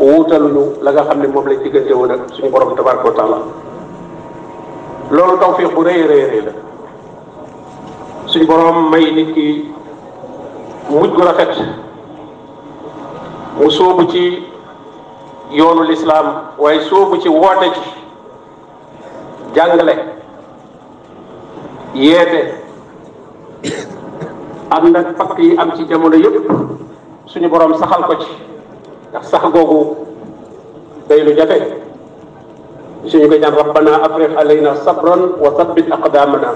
wuutal nu la nga xam ne moom lañ diggante woon ak suñu borom tabaraka wa taala loolu tawfiq bu rëy rëy rëy la suñu borom may nit ki mujj gu rafet mu sóobu ci yoonu lislaam waaye sóobu ci woote ci jàngale yeete am ak pakk yi am ci jamono yëpp suñu borom saxal ko ci ndax sax googu day lu jafe suñu ko ñaan rabbana afriq alayna sabran wa thabbit aqdamana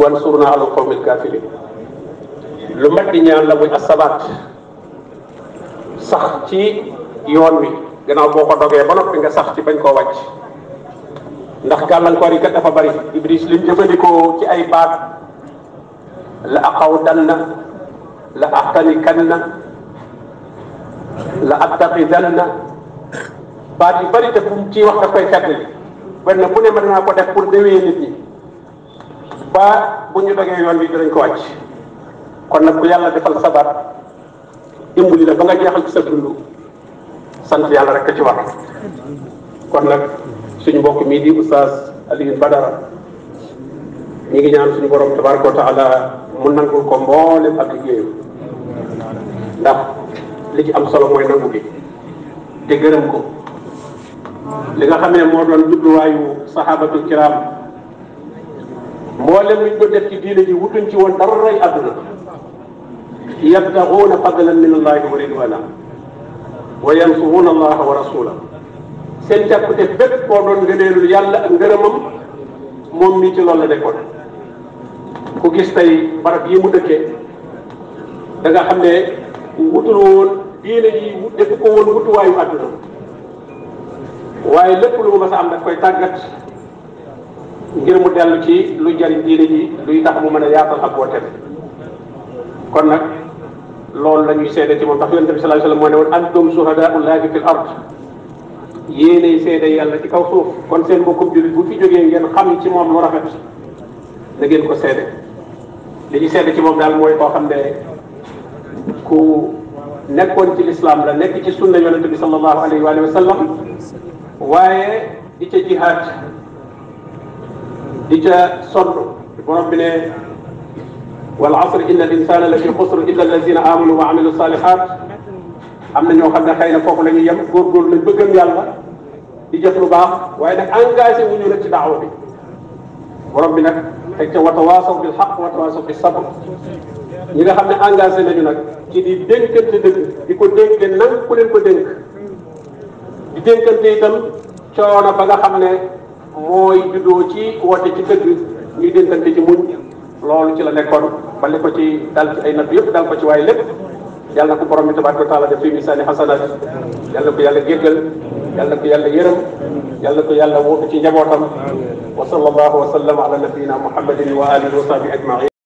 wansurna ala alqawmi kafirin. lu mat di ñaan la muy asabaat sax ci yoon wi gannaaw boo ko ba noppi nga sax ci bañ ndax dafa bari iblis lim jëfandikoo ci ay baat la dan la la attaxidanna baat yu bëri te fu mu ciy wax daf koy fedd li benn bu ne ma dinaa ko def pour déwéyee nit ñi baat bu ñu dogee yoon bi dinañ ko wàcc kon nag ku yàlla defal sa baat dimbali la ba nga jeexal ci sa dund sant yàlla rek a ci war kon nag suñu mbokk mii di oustaz Alioune Badara ñu ngi ñaan suñu borom tabaraka wa taala mu nangul ko mboolem ak liggéeyam li ci am solo mooy nangu gi te gërëm ko li nga xam ne moo doon jubluwaayu saxaabatul kiraam mboolem luñ ko def ci diine ji wutuñ ci woon dara ay àdduna yabtaxuuna fadlan min allahi wa ridwana wa yàlla ak ngërëmam moom mii ci loolu la nekkoon ku gis tey barab yi mu dëkkee da xam ne wutul woon diine ji defu ko woon wutuwaayu àdduna waaye lépp lu ma mas a am daf koy tàggat ngir mu dellu ci lu jariñ diine yi luy tax mu mën a yaatal ak wooteem kon nag loolu la ñuy seede ci moom tax yonent bi sallallahu alayhi wasallam moo ne woon antum shuhadaa'u llaahi fil ard yéenay yàlla ci kaw suuf kon seen mbokkum jullit bu fi jógee ngeen xam ci moom lu rafet da ko seede li ñu seede ci moom daal mooy koo xam ne ku nekkoon ci lislaam la nekk ci sunna yonent bi sallallahu alayhi wa sallam waaye di ca jihaad di ca sonn borom bi ne wal asr inna al insana la fi xusr illa allazina amanu wa amilu salihat am na ñoo xam ne xëy na foofu la ñuy yem góorgóorlu lañ bëggam yàlla di jëf lu baax waaye nag engagé wuñu la ci daawa bi borom bi nag teg ca watawaasaw bil xaq watawaasaw bi sabr ñi nga xam ne engagé nañu nag ci di dénkante dëgg di ko dénk nan ku leen ko dénk di dénkante itam coono ba nga xam ne mooy juddoo ci woote ci dëgg ñuy dénkante ci muñ loolu ci la nekkoon ba lépp ci dal ci ay natt yëpp dal ko ci waaye lépp yàlla na ko borom bi tabaaraka wa taala def fi misaani xasanaat yàlla ko yàlla jéggal yàlla ko yàlla yërëm yàlla ko yàlla woo ko ci njabootam wa sallallahu wa sallam ala nabiyina muhammadin wa alihi wa sahbihi ajmain